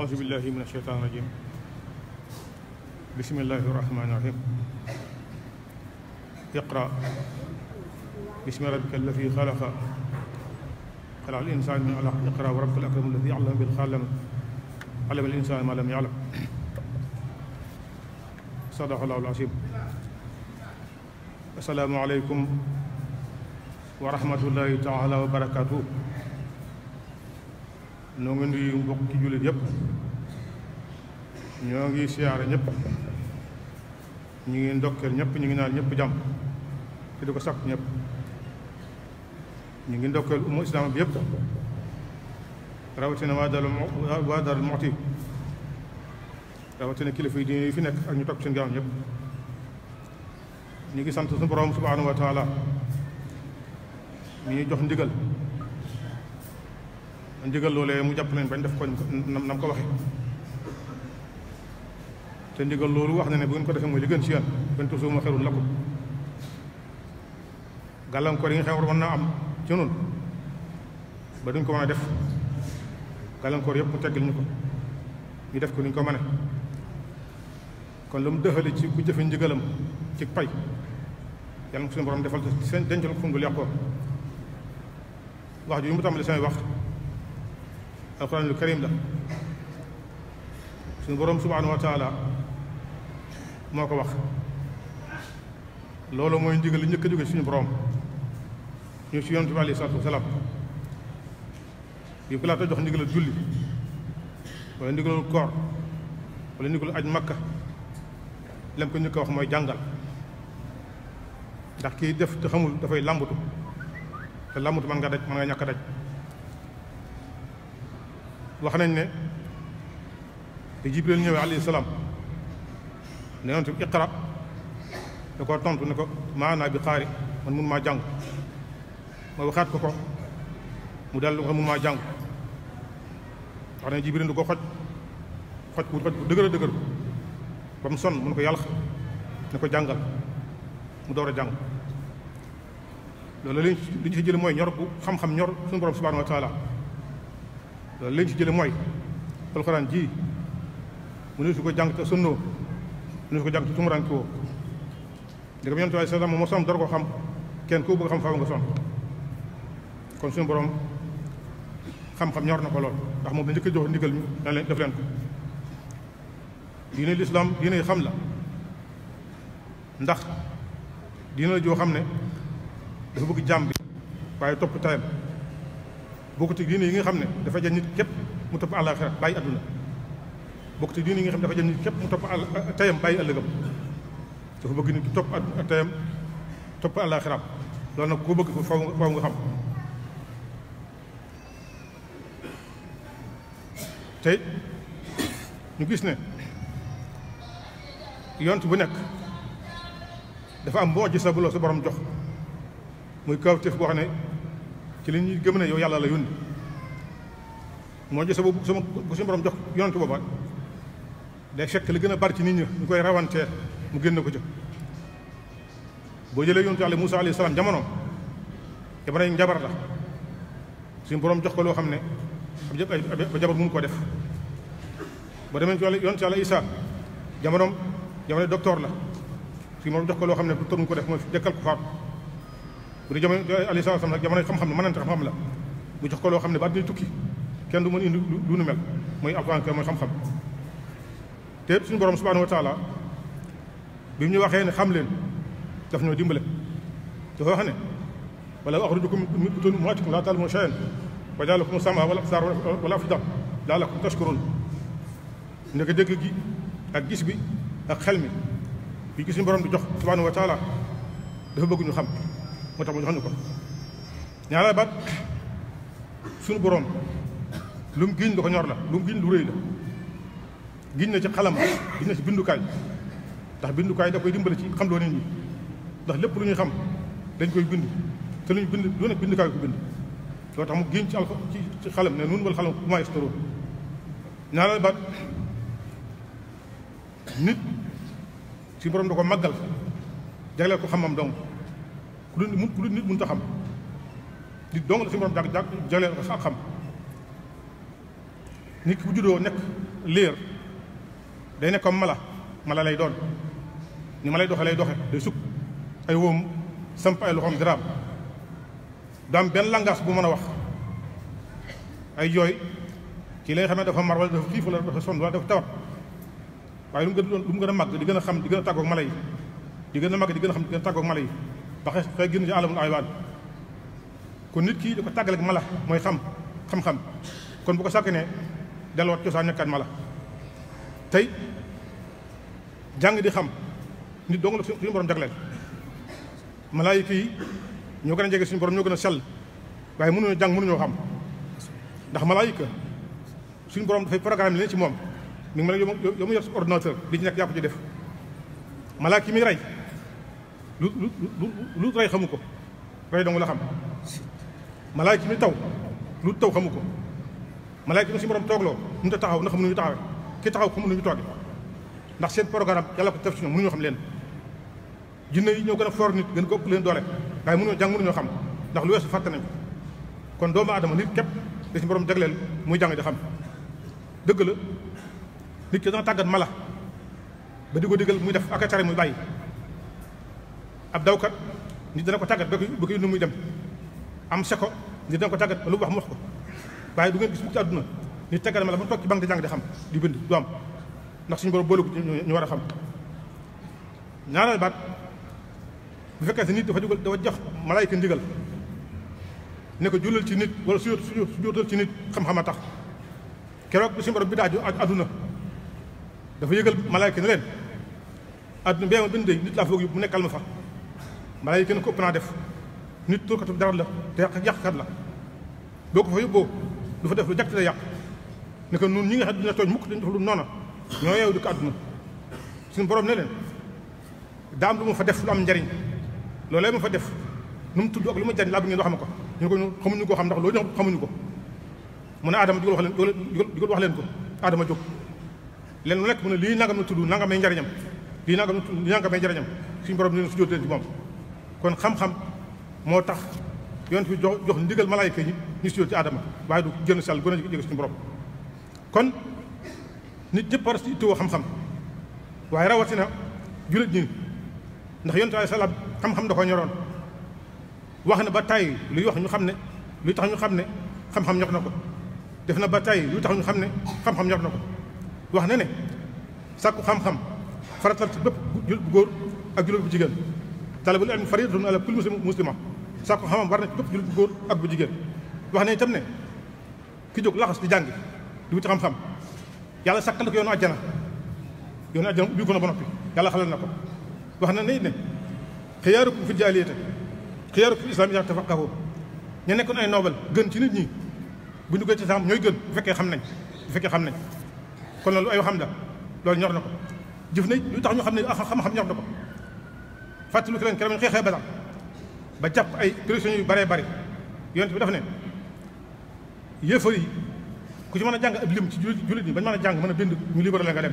أعوذ بالله من الشيطان الرجيم بسم الله الرحمن الرحيم اقرأ باسم ربك الذي خلق خلق الإنسان من علق اقرأ وربك الأكرم الذي علم بالقلم علم الإنسان ما لم يعلم صدق الله العظيم السلام عليكم ورحمة الله تعالى وبركاته ñoo ngi nuyu mbokki jullit yëpp ñoo ngi siyaare ñëpp ñu ngi ndokkeel ñëpp ñu ngi naan ñëpp jàmm te di ko sàkk ñëpp ñu ngi ndokkeel umma islaam bi yëpp rawatina waa Daaru waa Daaru rawatina kilifa yi diine yi fi nekk ak ñu topp seen gaaw ñëpp ñu ngi sant suñu borom subhaanahu wa taala jox ndigal ndigal loolee mu jàpp leen bañ def ko nam ko waxe te ndigal loolu wax na ne bu ngeen ko defee mooy li gën ci yéen bañ tusu ma xerul la ko gàllankoor yi nga xam war mën naa am ci noonu ba duñ ko mën def gàllankoor yëpp mu teggil ñu ko ñu def ko ni ñu ko mëne kon lu mu dëxale ci ku jëfe ndigalam ci pay yàlla na ko suñu borom defal seen dencal ko fu mu wax ju mu tàmbali samay wax alxuraanul karim la suñu boroom subhaanahu moo ko wax loolu mooy ndigal li njëkk a jóge suñu boroom ñu ci yonent bi aleyhi salaatu wasalaam yu ko laata jox ndigalal julli wala ndigalul koor wala ndigalul aj makka lam ko njëkk a wax mooy jàngal ndax kii def te xamul dafay làmbatu te làmbatu mën nga daj mën nga ñàkk daj wax nañ ne te jibril ñëwee alayhi salaam ne yonent ko tontu ne ko maanaa bi xaari man mun maa jàng ma waxaat ko ko mu dellu ko mun maa jàng wax nañ jibril du ko xoj xoj ku xoj ku dëgër a dëgër ba mu sonn mun ko yàlla ne ko jàngal mu door a jàng loolu li ñu si jël mooy ñor bu xam-xam ñor suñu borom subhanahu wa loolu lañ si jële mooy alxuraan ji mu ne su ko jàng su ko jàng te tumuraan ki sa ndegam yonent waaye sallam dara ko xam kenn ku bëgg xam faaw nga sonn kon suñu borom xam-xam ñor na ko lool ndax moom la njëkk jox ndigal ñu na leen def leen ko diine lislaam diine xam la ndax diine la joo xam ne dafa bëgg jàmb waaye topp tayam bokkut ak diine yi nga xam ne dafa jël nit képp mu topp àllaaxira bàyyi adduna bokkut ak diine yi nga xam ne dafa jël nit képp mu topp àll tayam bàyyi ëllëgam dafa bëgg nit topp a tayam loolu nag koo bëgg faw faw nga xam tey ñu gis ne yont bu nekk dafa am boo ji sa bu la sa borom jox muy kawtéef boo xam ne ci li ñuy gëm ne yow yàlla la yónni moo ji sa boobu sama suñu borom jox yonent booba day fekk li gën a bari ci nit ñi ñu koy rawantee mu génne ko ca boo jëlee yonent yàlla Moussa alayhi salaam jamono jamono yi njabar la si borom jox ko loo xam ne ab jëpp ay ba jabar mënu ko def ba demee ci wàllu yonent yàlla Isa jamonoom jamono docteur la suñu borom jox ko loo xam ne docteur mu ko def mooy jëkkal ko faatu bu dee jamono alayhi salaam nag jamono xam-xam la mënante xam-xam la mu jox ko loo xam ne ba àddina tukki kenn du mën indi lu nu mel mooy alquran kër mooy xam-xam te suñu borom subhanahu wa taala bi mu ñu waxee ne xam leen daf ñoo dimbale dafa wax ne wala axrajukum min buyuutikum laa ta'lamuuna shay'an wa jaala lakum as-sam'a wal absaara wal af'idata la'allakum tashkuruun ndeke dégg gi ak gis bi ak xel mi bi gis suñu borom di jox subhanahu wa taala dafa bëgg xam moo tax ko ñaareel baat suñu boroom lu mu giñ ko ñor la lu mu giñ lu rëy la giñ ci xalam ndax bindukaay da koy ci xam loo nit lépp lu ñuy xam dañ koy bind te lu ñu bind lu ne bindukaay ko bind loo tax mu giñ ci alfa ci xalam ne nun wal xalam bu may storo baat nit ci borom da ko màggal jagleel ko xamam dong ku dul nit ku dul nit mënut a xam di ko sax xam nit ki liir day nekk comme mala mala lay doon ni ma lay doxe lay doxe day sukk benn langage bu mën a wax ay jooy kii lay xamee dafa mar wala dafa xiif wala dafa sonn wala lu mu gën a lu a di gën a xam di gën a tàggoog mala yi di gën a màgg di gën a xam di gën a tàggoog mala yi ba xëy xëy génn ci alamul aywaan kon nit kii di ko tàggale mala mooy xam xam-xam kon bu ko sàkk ne delluwaat cosaan nekkaat mala tey jàng di xam nit dong la suñu borom jagleel malaayika yi ñoo gën a jege suñu borom ñoo gën a sell waaye mënuñoo jàng mënuñoo xam ndax kë suñu borom dafay programme leen ci moom mi ngi mel ne yow mu yor ordinateur di ci nekk yaa ci def mala yi muy rey lu lu lu lu rey xamu ko rey la xam malaayka mi taw lu taw xamu ko malaayka mi si borom toogloo mun te taxaw na xam nu ñu taxawee ki taxaw xamu nu ñu toogee ndax seen programme yàlla ko def ci ñoom mënuñoo xam leen jinne yi ñoo gën a for nit gën ko ëpp leen doole waaye mënuñoo jàng mënuñoo xam ndax lu weesu fàtte nañ kon doomu aadama nit képp de si borom jagleel muy jàng di xam dëgg la nit ki dana tàggat mala ba di ko digal muy def ak a tere ab dawkat nit dana ko tàggat ba koy ba koy muy dem am seko nit dana ko tàggat lu wax mu ko waaye du ngeen gis mukk ci àdduna nit tàggat ma la mu toog ci banque di jàng di xam di bind du am ndax suñu borom boole ko ñu war a xam ñaareel baat bu fekkee si nit dafa jógal dafa jox malaayka ndigal ne ko ci nit wala su jóotal ci nit xam-xam a tax keroog bi suñu bi daaju ak àdduna dafa yëgal malaayka ne leen àdduna bee ma bind nit laa foog yóbbu mu nekkal ma fa mala yi kenn ko ëpp naa def nit tuurkatu dara la te yàqkat la boo ko fa yóbboo du fa def lu jàkk la yàq ne nun ñi nga xam dina tooñ mukk dañ def lu noona ñoo yeewu di ko àdduna borom ne leen ma fa def lu am njariñ loolee ma fa def nu mu tudd ak lu ma jariñ laa bëgg ngeen wax ma ko ñu ko xamuñu ko xam ndax loolu ñu xamuñu ko mu ne Adama digal wax leen digal wax leen ko Adama jóg leen lu nekk mu ne lii nangam na tudd nangam ay njariñam lii nangam na tudd lii nangam ay njariñam suñu borom ne leen su kon xam-xam moo tax yoon fi jox jox ndigal malaayka yi ñu siyoo ci aadama waaye du génn sàll gën a jege suñu borom kon nit ñëpp war a si ittoo xam-xam waaye rawatina jullit ñi ndax yonent alayhi salaam xam-xam da ko ñoroon wax na ba tàyyi luy wax ñu xam ne luy tax ñu xam ne xam-xam ñor na ko def na ba tàyyi luy tax ñu xam ne xam-xam ñor na ko wax na ne sàkku xam-xam faratal ci bépp jullit bu góor ak jullit bu jigéen talabul ilmi faridatun ala kulli muslim muslima sàkku xam-xam war na ci képp jullit bu góor ak bu jigéen wax ne tam ne ki jóg laxas di jàng di wuti xam-xam yàlla sàkkal ko yoonu àjjana yoonu àjjana ubbi ko na ba noppi yàlla xalal na ko wax na ne it ne xiyaarukum fil jaahiliyya xiyaarukum fil islaam tafaqahu ñu nekkoon ay noobel gën ci nit ñi bu ñu duggee ci saam ñooy gën bu fekkee xam nañ bu xam nañ kon loolu ay waxam la loolu ñor na ko jëf na lu tax ñu xam ne xam-xam ñor na fàttaliku leen keroog ñu xeexee Badar ba jàpp ay prisonniers yu bëree bëri yonent bi dafa ne yéefar yi ku ci mën a jàng ab lim ci jullit ñi bañ mën a jàng mën a bind ñu libéré leen nga dem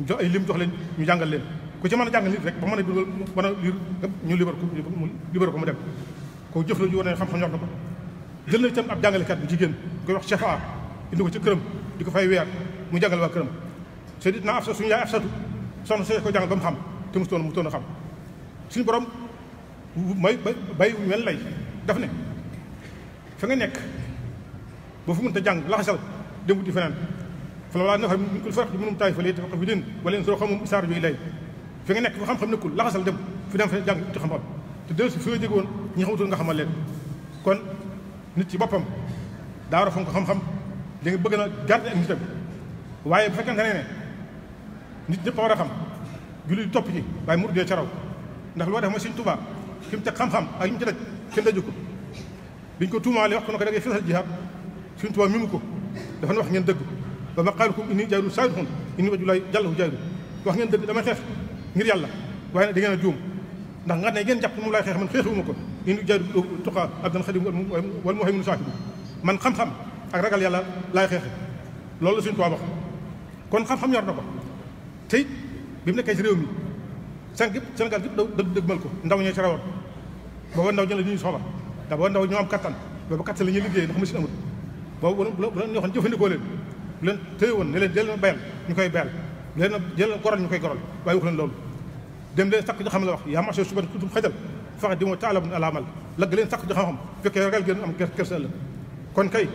ñu jox ay lim jox leen ñu jàngal leen ku ci mën a jàng nit rek ba mën a bind mën a liir ñu libéré ko mu libéré ko mu dem ko jëf la ju war ne xam-xam yor na ko jël na itam ab jàngalekat bu jigéen ñu koy wax chef a indi ko ci këram di ko fay weer mu jàngal waa këram Seydina Afsa suñu yaay Afsatu soxna si ko jàngal ba mu xam mu toon mu toon a suñu borom may bay wuñu wenn lay def ne fa nga nekk boo fa mënta jàng laxasal dem wuti feneen fa la walaa nafar min kulli firqatin minhum taa'ifatu liyatafaqqahu fi diin wa liyunziru qawmahum isaaraju ilay fi nga nekk fa xam-xam nekkul laxasal dem fi dem fa jàng ci xam-xam te dellu si fi nga jóge woon ñi xamatul nga xamal leen kon nit ci boppam daa war a fonk xam-xam da nga bëgg na garder ak nitam waaye bu fekkente ne nit ñëpp a war a xam julli topp ci waaye mu dee caraw ndax lu war def mooy Sëriñ Tuubaa fi mu teg xam-xam ak yi mu ci daj kenn daju ko biñ ko tuumaale wax ko ne ko da ngay fesal jihaad Sëriñ Tuubaa mimu ko dafa ne wax ngeen dëgg ba ma xaalukum inni jaahidun saadixun inni wajulaay jàllahu jaahidu wax ngeen dëgg damay xeex ngir yàlla waaye nag da ngeen a juum ndax nga ne ngeen jàpp moom laay xeex man xeexuma ko inni jaahidu tuqaa abdan xadim wal muhaymin saahibu man xam-xam ak ragal yàlla laay xeexe loolu la Sëriñ Tuubaa wax kon xam-xam ñor na ko te bi mu nekkee si réew mi sànq yëpp Sénégal yëpp da dëgmal ko ndaw ñoo ci woon booba ndaw ñi la ñuy soxla ndax booba ndaw ñoo am kattan booba kattan la ñuy liggéey ndax machine amul boobu bu leen ñoo xam jëfandikoo leen bu leen téye woon ne leen jël leen bayal ñu koy bayal leen jël goral ñu koy goral waaye wax leen loolu dem leen sakk ñu xam la wax yaa marché suba kutum xajal faxa di moo taala bun alaamal lagg leen sakk ñu xam-xam fekkee ragal gën am kersa la kon kay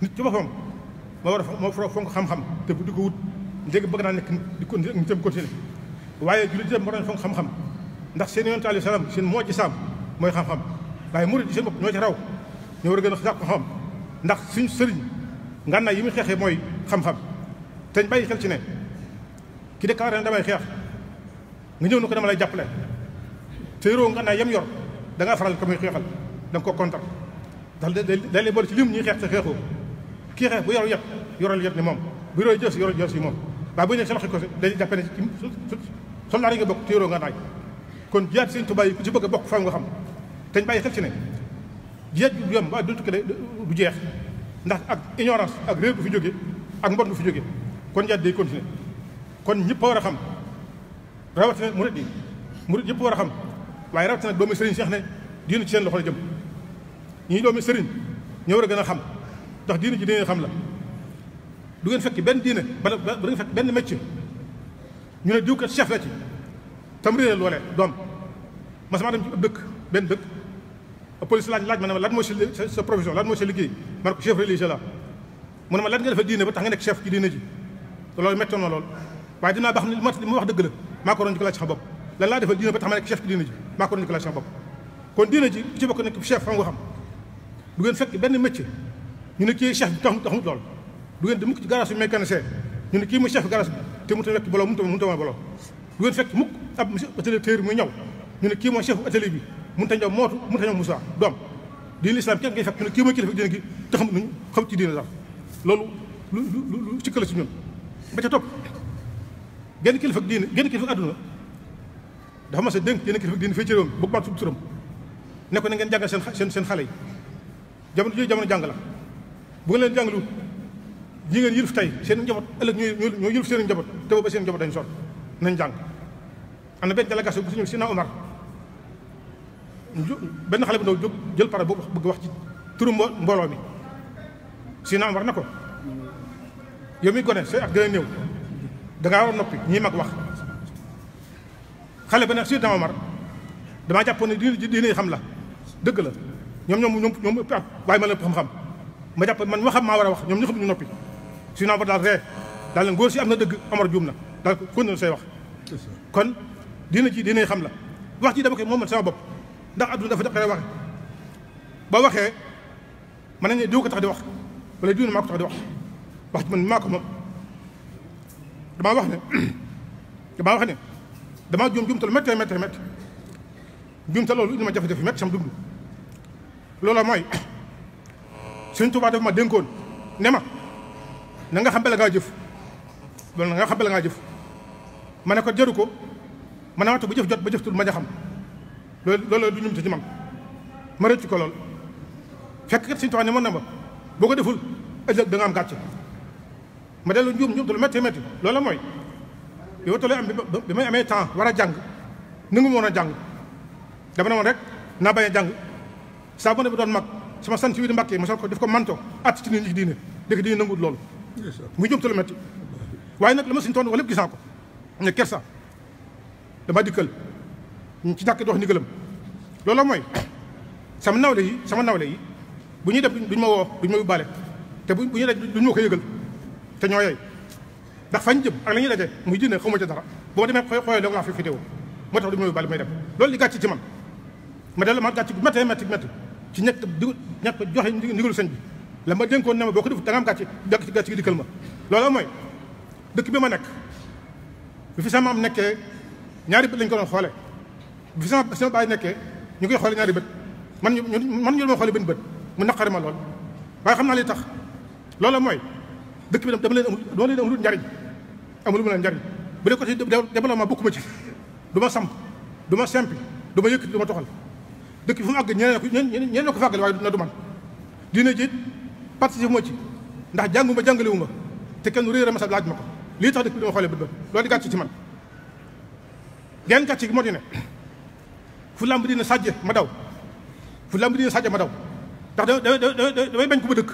nit ci boppam moo war a moo fonk xam-xam te bu di ko wut léegi bëgg naa nekk di continuer waaye jullit itam moo doon fonk xam-xam ndax seen yonent alayhi salaam seen moo ci saam mooy xam-xam waaye murid seen bopp ñoo ci raw ñoo war a gën a xam ndax suñ sëriñ ngànnaay yi muy xeexee mooy xam-xam teñ xel ci ne ki déclaré ne damay xeex ñëw na ko dama jàppale te yoroo ngànnaay yam yor da ngaa faral ko xeexal da ko kontar ndax day lay boole ci lim ñuy xeex te xeexoo kii xeex bu yoru yet yoral yet moom bu yoroo jës yoral yi moom waaye bu nekk sa loxo ko day jàppe ne soldaar yi nga bokk téeroo nga naaj kon jaat seen Tuubaa yi ku ci bëgg a bokk faaw nga xam teñ bàyyi xel ci ne jiyaat bi du yem waaye du tukki jeex ndax ak ignorance ak réer du fi jóge ak mbon du fi jóge kon jiyaat day continuer kon ñëpp war a xam rawatina murid yi murid ñëpp war a xam waaye rawatina doomi sëriñ Seex ne diinu ci seen loxo la jëm ñii doomi sëriñ ñoo war a gën a xam ndax diinu ji dina xam la du ngeen fekk benn diine bala du ngeen fekk benn métier ñu ne diw kat chef la ci tam réeral loolee doom ma sama dem dëkk benn dëkk police laaj laaj ma ne ma lan moo se sa profession lan mooy sa liggéey ma ne ko chef religieux la mu ne ma loolu méttoon na lool waaye dinaa baax ne li ma wax dëgg la maa ko doon di ko laaj sama bopp lan laa defal diine ba tax ma nekk chef ci diine ji maa ko doon di laaj sama bopp kon diine ji ci bokk nekk chef xam nga xam du ngeen fekk benn métier ñu ne kii chef bi taxut taxut lool du ngeen di mukk ci garage bi mécanicien ñu ne kii mu chef garage bi te mu ta rekk boloo mënu ta mën boloo du ngeen fekk mukk ab monsieur atelier téer muy ñaw ñu ne kii mooy chef atelier bi mun ta ñaw mootu mun ta ñaw Moussa doom diine lislaam kenn ngay fekk ñu ne kii mooy kilifa diine gi te xam nañu xam ci diine daal loolu lu lu sikka la si ñun ba ca topp genn kilifa diine genn kilifa àdduna dafa mas a dénk genn kilifa diine fii ci réew mi bu baat ne na ngeen jàngal seen seen seen xale yi jamono jooju jamono jàng la bu ñi ngeen yëlf tey seen njaboot ëllëg ñooy ñooy yëlf seen njaboot te booba seen njaboot dañ sonn nañ jàng na benn délégation bu suñu si na Omar benn xale bu ndaw jóg jël para boobu bëgg wax ci turu mbooloo mi na ko yow mi ak gën a néew dangaa war mag wax xale na Omar damaa jàppoon ne di diine xam la dëgg la ñoom ñoom ñoom ñoom ëpp at waaye ma la xam-xam ma jàpp man ma xam maa war a wax ñoom ñu xam ñu noppi si naa ba daal ree daal leen si am na dëgg amar juum na daal kon na say wax kon dina ci dina xam la wax ci dama koy moom sama bopp ndax adduna dafa daqaree waxe ba waxee mën nañ ne diw ko tax di wax wala diw ne maa ko tax di wax wax ci man maa ko moom damaa wax ne damaa juum juum tal méttee méttee méttee juum tal loolu indi ma jafe-jafe métti sam dund loolu mooy Sëñ Tuubaa daf ma dénkoon ne ma na nga xam bala ngaa jëf loolu na nga xam ngaa jëf ma ne ko jëru ko ma ne waxtu bu jëf jot ba jëf tul ma ja xam loolu loolu du ñum ci man ma rëcc ko lool fekk kat suñu taxaw ne mën na ma boo ko deful ëllëg da am gàcce ma dellu njuum njuum te métti métti loolu mooy bi ma am bi may amee temps war a jàng nangu ma woon a jàng dama na woon rek naa bañ a jàng saa bu ne bi doon mag sama sant wi di mbàkkee ma sol ko def ko manto att ci nit ñi diine dëkk lool muy jom lu metti waaye nag la ma sintoon toon wala lépp gis naa ko am na kersa dama dikkal ci ñàkk dox ndigalam loolu mooy sama nawle yi sama nawle yi bu ñuy def duñ ma woo duñ ma yóbbaale te bu ñuy def duñ ma ko yëgal te ñoo yey ndax fañ jëm ak la ñuy daje muy jinne xaw ma ca dara boo demee xooy xooy looga laa fi vidéo moo tax duñ ma yóbbaale may dem loolu li gàcc ci man ma dellu ma gàcc bu méttee métti métti ci ñett di ñàkk joxe ndigalu sëñ bi la ma dénkoon ne ma boo ko def da nga am gàcce dëkk gàcce gi dikkal ma loolu mooy dëkk bi ma nekk bi fi sama am nekkee ñaari bët lañ ko doon xoole bi fi sama sama baay nekkee ñu koy xoole ñaari bët man ñu man ñu doon xoole benn bët mu naqari ma lool waaye xam naa li tax loolu mooy dëkk bi dama leen amul dama am amul njariñ amul mu leen njariñ bu dee côté développement bokkuma ci du ma samp du ma simpi du ma yëkkati du ma toxal dëkk bi fu mu àgg ñeneen ko ñeneen ko fàggale waaye na du man diine participe moo ci ndax jànguma jàngale wu ma te kenn réer a masal laaj ma ko lii tax dëkk bi dama xoolee bët ba loolu di gàcce ci man genn gàcce gi moo di ne fu lamb dina sàjje ma daw fu lamb dina sàjje ma daw ndax da damay bañ ku ma dëkk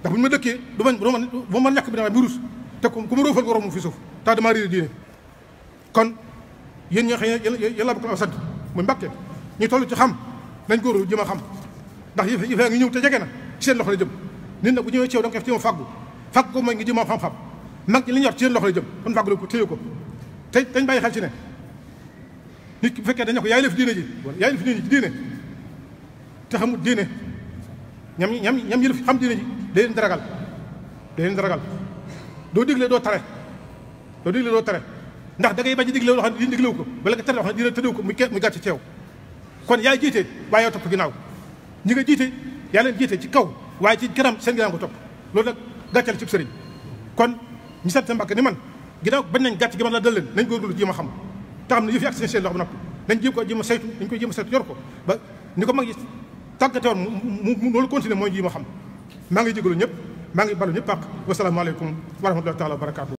ndax bu ma dëkkee du man bu ma ñàkk bi dama burus te ku ma róofal nga romb fi suuf tax damaa réer diine kon yéen ñoo xam ne yéen laa bëgg a sant muy Mbàkke ñu toll ci xam nañ góor jëm a xam ndax yëf yaa ngi ñëw te jege na ci seen loxo la jëm nit nag bu ñëwee ci yow da nga koy def ci moom fàggu fàggu ko mooy ngi ji moom xam-xam mag ñi li ñu yor ci seen loxo la jëm kon fàggu ko téye te dañ bàyyi xel ci ne nit ki bu fekkee dañ ne ko yaay la fi diine ji wala yaay la fi diine ji diine ñam ñam ñam yëlëf xam diine ji day leen daragal day leen doo digle doo tare doo digle doo tare ndax da ngay a digle loo xam ne diine diglewu ko bala nga tere loo xam ne diine tëddewu ko muy gàcce ceew kon yaay jiite waaye yow topp ginnaaw ñi nga jiite yaa leen jiite ci kaw waaye ci kanam seen ginnaaw ko topp loolu nag gàccal sëriñ kon ñu sant Mbàkke ni man ginnaaw bañ nañ gàcc gi man la dal leen nañ góorgóorlu jéem a xam te xam ne yëf yi ak seen seen loxo noppi nañ jéem ko jéem a saytu dañ koy jéem a saytu yor ko ba ni ko mag yi tàggate woon mu loolu continuer mooy jéem ma xam maa ngi jégalu ñëpp maa ngi balu ñëpp pàq wasalaamaaleykum wa rahmatullahi taala wa barakaatu